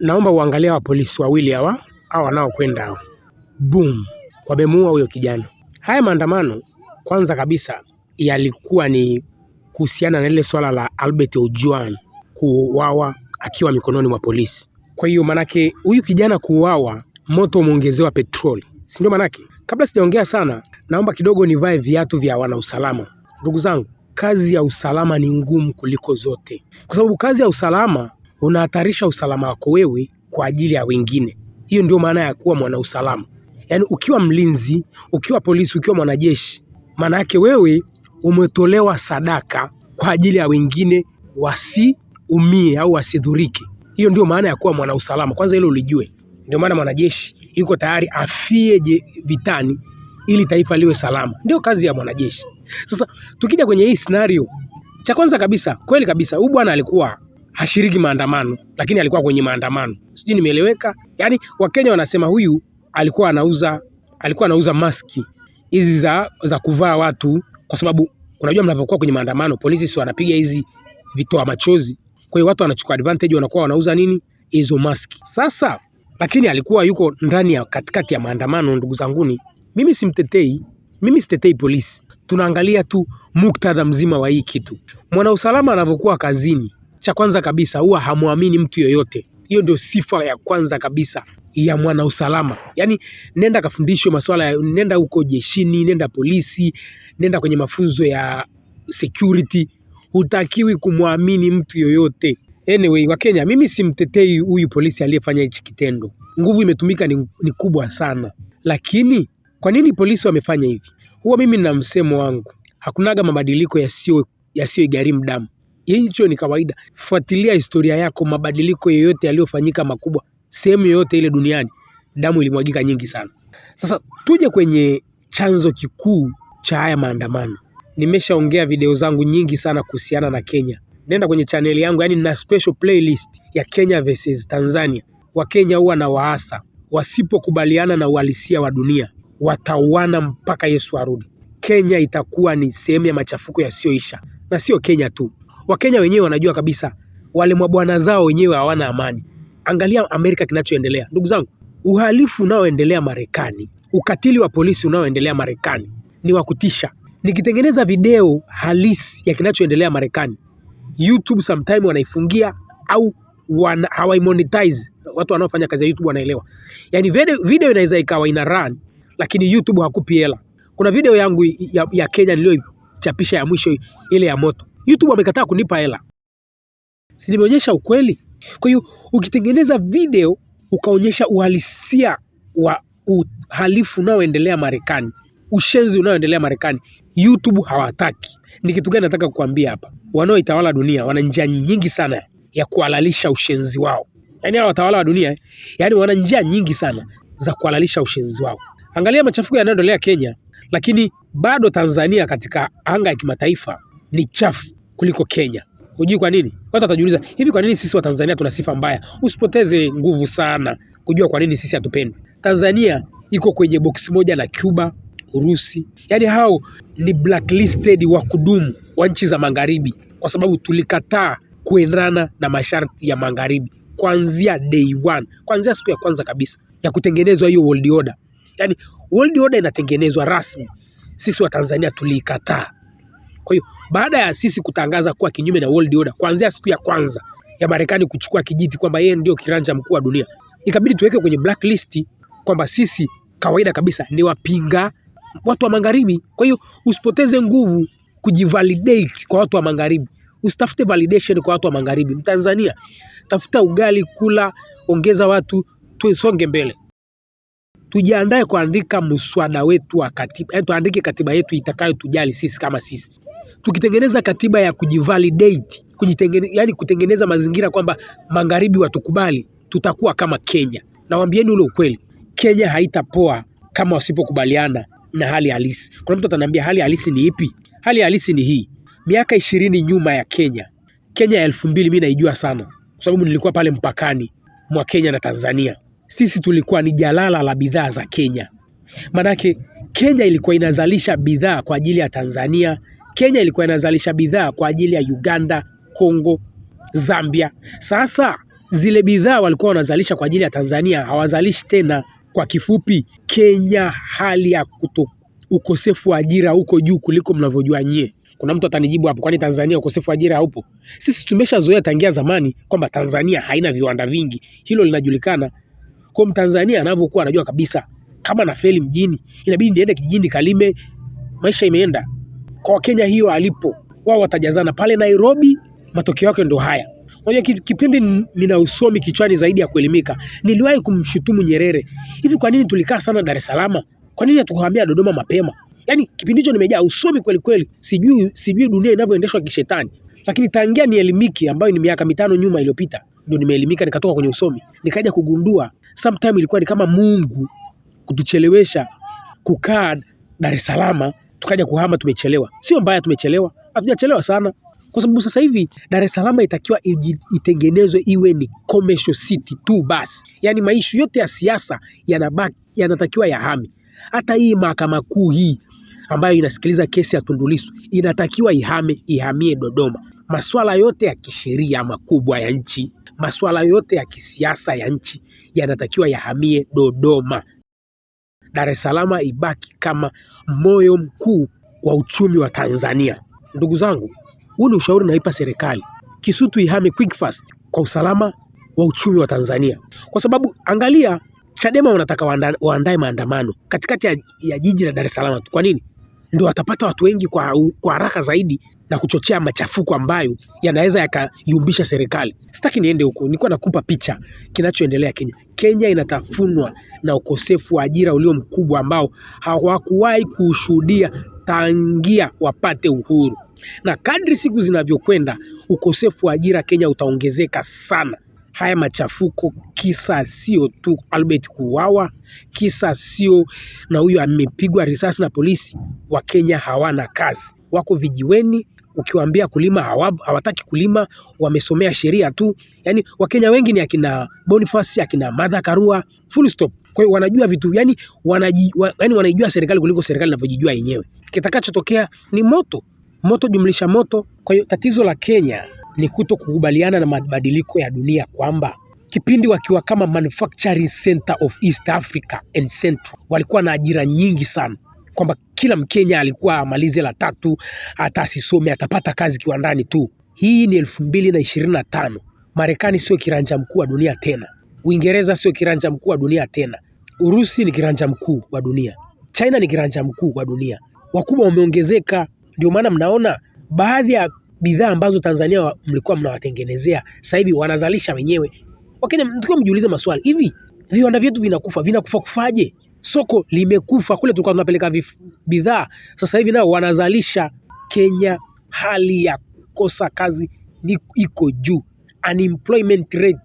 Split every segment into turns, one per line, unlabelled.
Naomba uangalie wa polisi wawili hawa, hawa wanaokwenda hao. Boom! Wamemuua huyo kijana. Haya maandamano kwanza kabisa yalikuwa ni kuhusiana na lile swala la Albert Ojwang kuuawa akiwa mikononi mwa polisi. Kwa hiyo maanake huyu kijana kuuawa, moto umeongezewa petroli, si ndio Manake Kabla sijaongea sana, naomba kidogo nivae viatu vya wanausalama. Ndugu zangu, kazi ya usalama ni ngumu kuliko zote, kwa sababu kazi ya usalama unahatarisha usalama wako wewe kwa ajili ya wengine. Hiyo ndio maana ya kuwa mwanausalama. Yaani ukiwa mlinzi, ukiwa polisi, ukiwa mwanajeshi, maana yake wewe umetolewa sadaka kwa ajili ya wengine wasiumie au wasidhurike. Hiyo ndio maana ya kuwa mwanausalama. Kwanza hilo ulijue. Ndio maana mwanajeshi yuko tayari afie je, vitani ili taifa liwe salama. Ndio kazi ya mwanajeshi. Sasa tukija kwenye hii scenario, cha kwanza kabisa, kweli kabisa, huyu bwana alikuwa hashiriki maandamano, lakini alikuwa kwenye maandamano. Sijui nimeeleweka? Yaani Wakenya wanasema huyu alikuwa anauza alikuwa anauza maski hizi za za kuvaa watu, kwa sababu unajua mnapokuwa kwenye maandamano polisi si wanapiga hizi vitoa machozi. Kwa hiyo watu wanachukua advantage, wanakuwa wanauza nini hizo maski. Sasa lakini alikuwa yuko ndani ya katikati ya maandamano. Ndugu zanguni, mimi simtetei, mimi sitetei polisi, tunaangalia tu muktadha mzima wa hii kitu. Mwana usalama anavyokuwa kazini, cha kwanza kabisa huwa hamwamini mtu yoyote. Hiyo ndio sifa ya kwanza kabisa ya mwana usalama. Yaani nenda kafundishwe masuala ya nenda huko jeshini, nenda polisi, nenda kwenye mafunzo ya security, hutakiwi kumwamini mtu yoyote. Anyway, kenya mimi simtetei huyu polisi aliyefanya hichi kitendo. Nguvu imetumika ni, ni kubwa sana, lakini kwa nini polisi wamefanya hivi? Huwa mimi na msemo wangu, hakunaga mabadiliko yasiyo igarimu damu hicho ni kawaida. Fuatilia historia yako, mabadiliko yoyote yaliyofanyika makubwa sehemu yoyote ile duniani, damu ilimwagika nyingi sana. Sasa tuje kwenye chanzo kikuu cha haya maandamano. Nimeshaongea video zangu nyingi sana kuhusiana na Kenya. Nenda kwenye chaneli yangu, yani na special playlist ya Kenya versus Tanzania. Wakenya huwa na waasa, wasipokubaliana na uhalisia wa dunia watauana mpaka Yesu arudi. Kenya itakuwa ni sehemu ya machafuko yasiyoisha, na sio Kenya tu, Wakenya wenyewe wanajua kabisa wale mabwana zao wenyewe hawana amani. Angalia Amerika kinachoendelea, ndugu zangu. Uhalifu unaoendelea Marekani, ukatili wa polisi unaoendelea Marekani ni wa kutisha. Nikitengeneza video halisi ya kinachoendelea Marekani, YouTube sometime wanaifungia au wana, hawaimonetize. Watu wanaofanya kazi ya YouTube wanaelewa, yaani video, video inaweza ikawa ina run, lakini YouTube hakupi hela. Kuna video yangu ya, ya Kenya niliyochapisha ya mwisho ile ya moto YouTube amekataa kunipa hela, si nimeonyesha ukweli? Kwa hiyo ukitengeneza video ukaonyesha uhalisia wa uhalifu unaoendelea Marekani, ushenzi unaoendelea Marekani, YouTube hawataki. Ni kitu gani nataka kukuambia hapa? Wanaoitawala dunia wana njia nyingi sana ya kuhalalisha ushenzi wao. Yaani hao watawala wa dunia, yaani wana njia nyingi sana za kuhalalisha ushenzi wao. Angalia machafuko yanayoendelea Kenya, lakini bado Tanzania katika anga ya kimataifa ni chafu kuliko Kenya. Hujui kwa nini? Watu watajiuliza hivi, kwa nini sisi Watanzania tuna sifa mbaya? Usipoteze nguvu sana kujua kwa nini sisi hatupendwi. Tanzania iko kwenye boksi moja na Cuba, Urusi, yaani hao ni blacklisted wa kudumu wa nchi za magharibi, kwa sababu tulikataa kuendana na masharti ya magharibi kuanzia day one, kuanzia siku ya kwanza kabisa ya kutengenezwa hiyo world order. Yaani world order inatengenezwa rasmi, sisi Watanzania tuliikataa. Kwa hiyo baada ya sisi kutangaza kuwa kinyume na world order kuanzia siku ya kwanza ya Marekani kuchukua kijiti kwamba yeye ndio kiranja mkuu wa dunia, ikabidi tuweke kwenye blacklist kwamba sisi kawaida kabisa ni wapinga watu wa magharibi. Kwa hiyo usipoteze nguvu kujivalidate kwa watu wa magharibi, usitafute validation kwa watu wa magharibi. Mtanzania, tafuta ugali, kula, ongeza watu, tusonge mbele. Tujiandae kuandika mswada wetu wa katiba, yaani tuandike katiba yetu itakayotujali sisi kama sisi tukitengeneza katiba ya kujivalidate, yani kutengeneza mazingira kwamba magharibi watukubali, tutakuwa kama Kenya. Nawambieni ule ukweli, Kenya haitapoa kama wasipokubaliana na hali halisi. Kuna mtu ataniambia hali halisi ni ipi? Hali halisi ni hii, miaka ishirini nyuma ya Kenya, Kenya ya elfu mbili mi naijua sana kwa sababu nilikuwa pale mpakani mwa Kenya na Tanzania. Sisi tulikuwa ni jalala la bidhaa za Kenya, maanake Kenya ilikuwa inazalisha bidhaa kwa ajili ya Tanzania Kenya ilikuwa inazalisha bidhaa kwa ajili ya Uganda, Kongo, Zambia. Sasa zile bidhaa walikuwa wanazalisha kwa ajili ya Tanzania hawazalishi tena. Kwa kifupi, Kenya hali ya kuto, ukosefu wa ajira huko juu kuliko mnavyojua nyie. Kuna mtu atanijibu hapo, kwani Tanzania ukosefu wa ajira haupo? Sisi tumeshazoea tangia zamani kwamba Tanzania haina viwanda vingi, hilo linajulikana. Kwa Mtanzania anavyokuwa anajua kabisa kama na feli mjini inabidi niende kijijini kalime, maisha imeenda. Kwa Wakenya hiyo alipo, wao watajazana pale Nairobi, matokeo yake ndo haya. Unajua, kipindi nina usomi kichwani zaidi ya kuelimika, niliwahi kumshutumu Nyerere, hivi kwa nini tulikaa sana Dar es Salaam? Kwa nini hatukuhamia Dodoma mapema? Yaani kipindi hicho nimejaa usomi kweli kweli, sijui sijui dunia inavyoendeshwa kishetani, lakini tangia nielimiki, ambayo ni miaka mitano nyuma iliyopita, ndio nimeelimika nikatoka kwenye usomi nikaja kugundua sometime ilikuwa ni kama Mungu kutuchelewesha kukaa Dar es Salaam tukaja kuhama, tumechelewa. Sio mbaya, tumechelewa, hatujachelewa sana, kwa sababu sasa hivi Dar es Salaam itakiwa itengenezwe iwe ni commercial city tu basi, yaani maisha yote ya siasa yanabaki, yanatakiwa yahame. Hata hii mahakama kuu hii ambayo inasikiliza kesi ya Tundu Lissu inatakiwa ihame, ihamie Dodoma. Masuala yote ya kisheria makubwa ya nchi, masuala yote ya kisiasa ya nchi yanatakiwa yahamie Dodoma. Dar es Salaam ibaki kama moyo mkuu wa uchumi wa Tanzania. Ndugu zangu, huu ni ushauri naipa serikali. Kisutu ihame quick fast kwa usalama wa uchumi wa Tanzania, kwa sababu angalia, Chadema wanataka waandae maandamano katikati ya jiji la Dar es Salaam. Kwa nini? ndo watapata watu wengi kwa, kwa haraka zaidi na kuchochea machafuko ambayo yanaweza yakayumbisha serikali. Sitaki niende huko, nilikuwa nakupa picha kinachoendelea Kenya. Kenya inatafunwa na ukosefu wa ajira ulio mkubwa ambao hawakuwahi kuushuhudia tangia wapate uhuru, na kadri siku zinavyokwenda ukosefu wa ajira Kenya utaongezeka sana haya machafuko kisa sio tu Albert kuuawa, kisa sio na huyu amepigwa risasi na polisi. Wakenya hawana kazi, wako vijiweni, ukiwaambia kulima hawataki kulima, wamesomea sheria tu. yani Wakenya wengi ni akina Boniface, akina Martha Karua, full stop. Kwa hiyo wanajua vitu yani, wanaji, wa, yani wanaijua serikali kuliko serikali inavyojijua yenyewe. Kitakachotokea ni moto moto jumlisha moto. Kwa hiyo tatizo la Kenya ni kuto kukubaliana na mabadiliko ya dunia kwamba kipindi wakiwa kama manufacturing center of East Africa and Central walikuwa na ajira nyingi sana, kwamba kila Mkenya alikuwa amalize la tatu, hata asisome atapata kazi kiwandani tu. Hii ni elfu mbili na ishirini na tano. Marekani sio kiranja mkuu wa dunia tena. Uingereza sio kiranja mkuu wa dunia tena. Urusi ni kiranja mkuu wa dunia. China ni kiranja mkuu wa dunia. Wakubwa wameongezeka, ndio maana mnaona baadhi ya bidhaa ambazo Tanzania mlikuwa mnawatengenezea sasa hivi wanazalisha wenyewe. Wakenya mtakiwa mjiulize maswali, hivi viwanda vyetu vinakufa vinakufa kufaje? Soko limekufa, kule tulikuwa tunapeleka bidhaa, sasa hivi nao wanazalisha. Kenya hali ya kukosa kazi ni iko juu, unemployment rate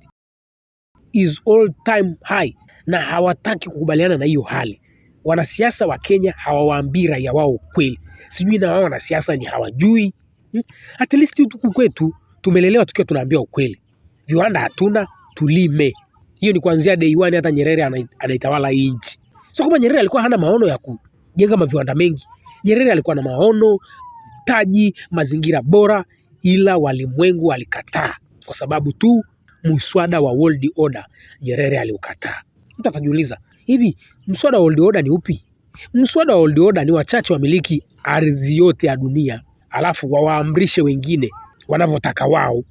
is all time high, na hawataki kukubaliana na hiyo hali. Wanasiasa wa Kenya hawawaambii raia wao ukweli, sijui na wao wanasiasa ni hawajui Hmm? At least huku kwetu tumelelewa tukiwa tunaambiwa ukweli, viwanda hatuna, tulime. Hiyo ni kuanzia day one, hata Nyerere anaitawala hii nchi. So kama Nyerere alikuwa hana maono ya kujenga maviwanda mengi, Nyerere alikuwa na maono taji, mazingira bora, ila walimwengu walikataa kwa sababu tu mswada wa World Order Nyerere aliukataa. Mtu atajiuliza hivi, mswada wa World Order ni upi? Mswada wa World Order ni wachache wamiliki ardhi yote ya dunia alafu wawaamrishe wengine wanavyotaka wao,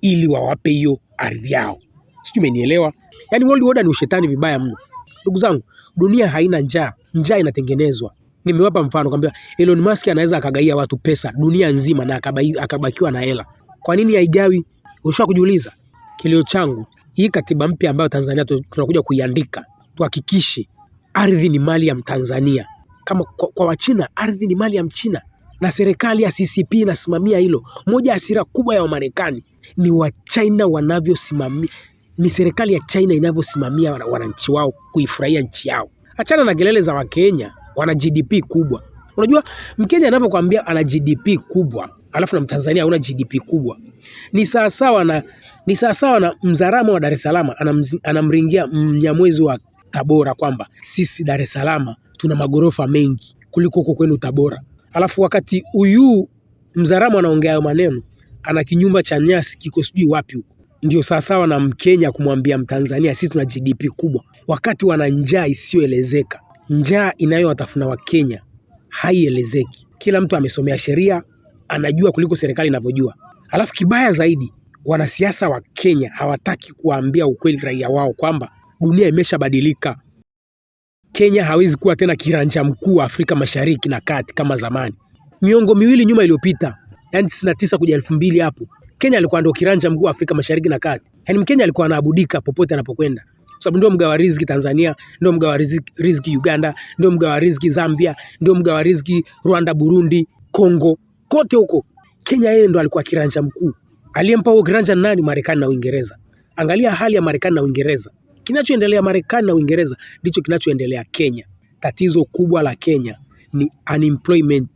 ili wawape hiyo ardhi yao. Sijui umenielewa? Yaani world order ni ushetani vibaya mno, ndugu zangu. Dunia haina njaa, njaa inatengenezwa. Nimewapa mfano kwamba Elon Musk anaweza akagaia watu pesa dunia nzima na akabakiwa na hela. Kwa nini haigawi? Usha kujiuliza? Kilio changu hii katiba mpya ambayo Tanzania tunakuja kuiandika, tuhakikishe ardhi ni mali ya Mtanzania kama kwa, kwa Wachina ardhi ni mali ya Mchina na serikali ya CCP inasimamia hilo. Moja ya hasira kubwa ya Wamarekani ni China wanavyosimamia, ni serikali ya China inavyosimamia wananchi wao kuifurahia nchi yao. Achana na kelele za Wakenya wana GDP kubwa. Unajua Mkenya anapokuambia ana GDP kubwa alafu na Mtanzania hauna GDP kubwa, ni sawasawa na ni sawasawa na Mzaramo wa Dar es Salaam anamringia Mnyamwezi wa Tabora kwamba sisi Dar es Salaam tuna magorofa mengi kuliko huko kwenu Tabora. Alafu wakati huyu Mzaramo anaongea hayo maneno, ana kinyumba cha nyasi kiko sijui wapi huko. Ndio sawasawa na Mkenya kumwambia Mtanzania sisi tuna GDP kubwa, wakati wana njaa isiyoelezeka. Njaa inayowatafuna Wakenya haielezeki. Kila mtu amesomea sheria, anajua kuliko serikali inavyojua. Alafu kibaya zaidi, wanasiasa wa Kenya hawataki kuwaambia ukweli raia wao kwamba dunia imeshabadilika. Kenya hawezi kuwa tena kiranja mkuu wa Afrika Mashariki na Kati kama zamani. Miongo miwili nyuma iliyopita, yani tisini na tisa kuja elfu mbili hapo, Kenya alikuwa ndio kiranja mkuu wa Afrika Mashariki na Kati, yani Mkenya alikuwa anaabudika popote anapokwenda kwa sababu ndio mgawa riziki Tanzania, ndio mgawa riziki, riziki Uganda, ndio mgawa riziki Zambia, ndio mgawa riziki Rwanda, Burundi, Kongo, kote huko Kenya yeye ndo alikuwa kiranja mkuu. Aliyempa huo kiranja nani? Marekani na Uingereza. Angalia hali ya Marekani na Uingereza. Kinachoendelea Marekani na Uingereza ndicho kinachoendelea Kenya. Tatizo kubwa la Kenya ni unemployment,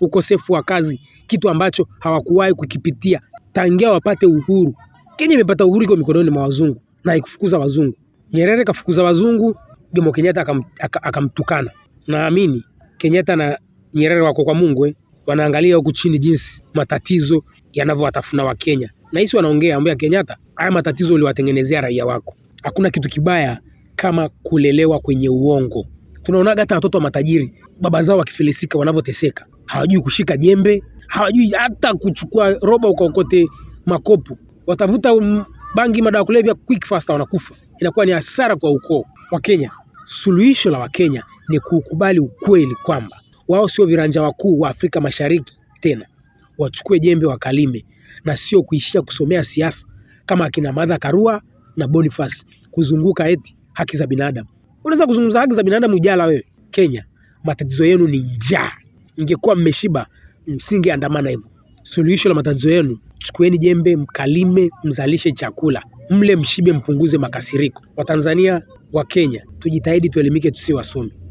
ukosefu wa kazi, kitu ambacho hawakuwahi kukipitia tangia wapate uhuru. Kenya imepata uhuru iko mikononi mwa wazungu na ikufukuza wazungu. Nyerere kafukuza wazungu, Jomo Kenyatta akamtukana. Naamini Kenyatta na Nyerere wako kwa eh, wanaangalia huku chini jinsi matatizo yanavyowatafuna Kenya na hisi wanaongea ambaye Kenyatta, haya matatizo uliwatengenezea raia wako. Hakuna kitu kibaya kama kulelewa kwenye uongo. Tunaonaga hata watoto wa matajiri baba zao wakifilisika, wanavyoteseka, hawajui kushika jembe, hawajui hata kuchukua roba ukaokote makopo, watavuta um, bangi, madawa kulevya, quick fast, wanakufa. Inakuwa ni hasara kwa ukoo wa Kenya. Suluhisho la Wakenya ni kukubali ukweli kwamba wao sio viranja wakuu wa Afrika Mashariki tena, wachukue jembe wakalime, na sio kuishia kusomea siasa kama akina Martha Karua na Boniface kuzunguka eti haki za binadamu. Unaweza kuzungumza haki za binadamu ujala wewe? Kenya, matatizo yenu ni njaa. Ingekuwa mmeshiba msingeandamana hivyo. Suluhisho la matatizo yenu, chukueni jembe, mkalime, mzalishe chakula, mle, mshibe, mpunguze makasiriko. Watanzania wa Kenya, tujitahidi tuelimike, tusiwe wasomi.